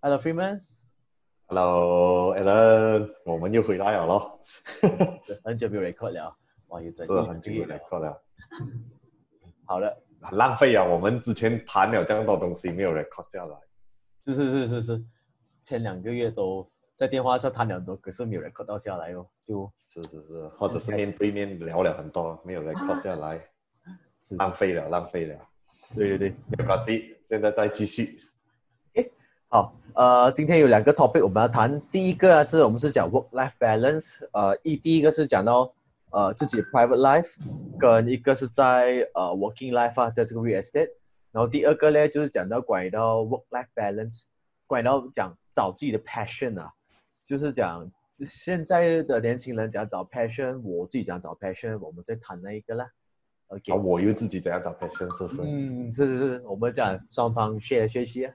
Hello，Freeman。Hello，Alan。我們又回來了咯。 很久未 record 了，哇，又再繼續。是很久未 record 啦。 好的。很浪費啊，我們之前談了咁多東西，沒有 record 下來。是是是是是，前兩個月都在電話上談咗好多，可是冇 record 到下來咯，就。是是是，或者是面對面聊了很多，沒有 record 下來，是浪費啦，浪費啦。對對對，冇關係，現在再繼續。好，呃，今天有兩個 topic，我們要談。第一個是我們是講 work life balance，呃，一第一個是講到，呃自己的 private life，跟一個是在呃 working life 啊，在這個 real estate。然後第二個呢，就是講到關於到 work life balance，關於到講找自己的 passion 啊，就是講現在的年輕人講找 passion，我自己講找 passion，我們再談那一個啦。OK，我又自己點樣找 passion，是不是？嗯，是是是，我們講雙方 share 學，學習啊。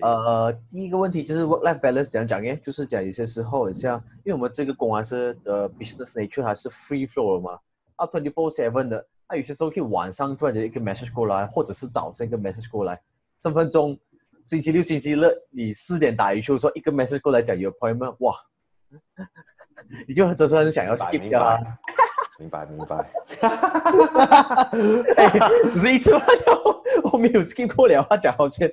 呃，第一個問題就是 work-life balance 點樣講嘅？就是講有些時候，像因為我們這個公安是呃 business nature，還是 free flow 的嘛，啊24/7的。那有些時候，可以晚上突然間一個 message 過來，或者是早晨一個 message 過來，分分鐘星期六、星期日，你四點打一句，說一個 message 過來講有 appointment，哇，你就真真想要 skip 噶、啊。明白明白。哈哈哈！哈哈！哈 哈 我沒有 skip 過兩下，講好先。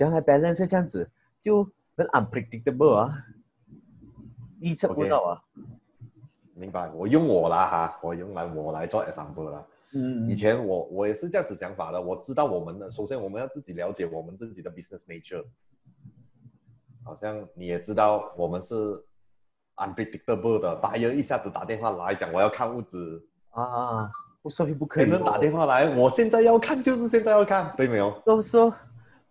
將來 balance 是這樣子，就很 unpredictable 啊，預測不到啊。Okay. 明白，我用我啦，哈，我用來我來做 assemble 啦。嗯，嗯以前我我也是這樣子想法的，我知道我們的，首先我們要自己了解我們自己的 business nature。好像你也知道，我們是 unpredictable 的，突然一下子打電話來講我要看物資啊，我所以不可以、哦。有人打電話來，我現在要看，就是現在要看，對沒有？都說。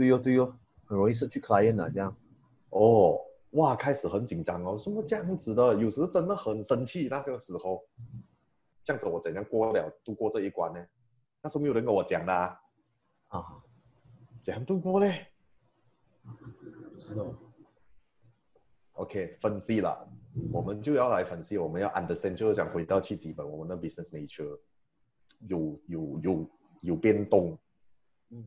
對哦，對哦，很容易失去 client 啦、啊，這樣。哦、oh,，哇，開始很緊張哦，什麼這樣子的，有時真的很生氣，那個時候，這樣子我怎樣過了度過這一關呢？那時候沒有人跟我講啦。啊，oh. 怎樣度過咧？唔知道。O.K. 分析啦，hmm. 我們就要來分析，我們要 understand，就是想回到去基本我們的 business nature，有有有有，有變動。嗯、hmm.。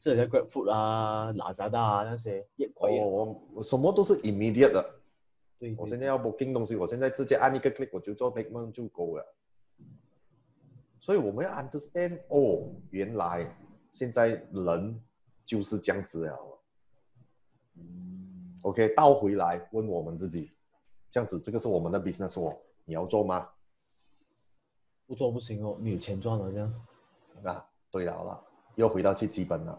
即係啲 grab food 啊、Lazada 啊那些，哦我、啊 oh，我什麼都是 immediate 的。對，對，我現在要 booking 東西，我現在直接按一個 click，我就做 big money 就夠了。所以我們要 understand，哦原來現在人就是這樣子啊。O K 倒回來問我們自己，這樣子，這個是我們的 business，我你要做嗎？不做不行哦，你有錢賺了這樣。啊對啦啦，又回到最基本了。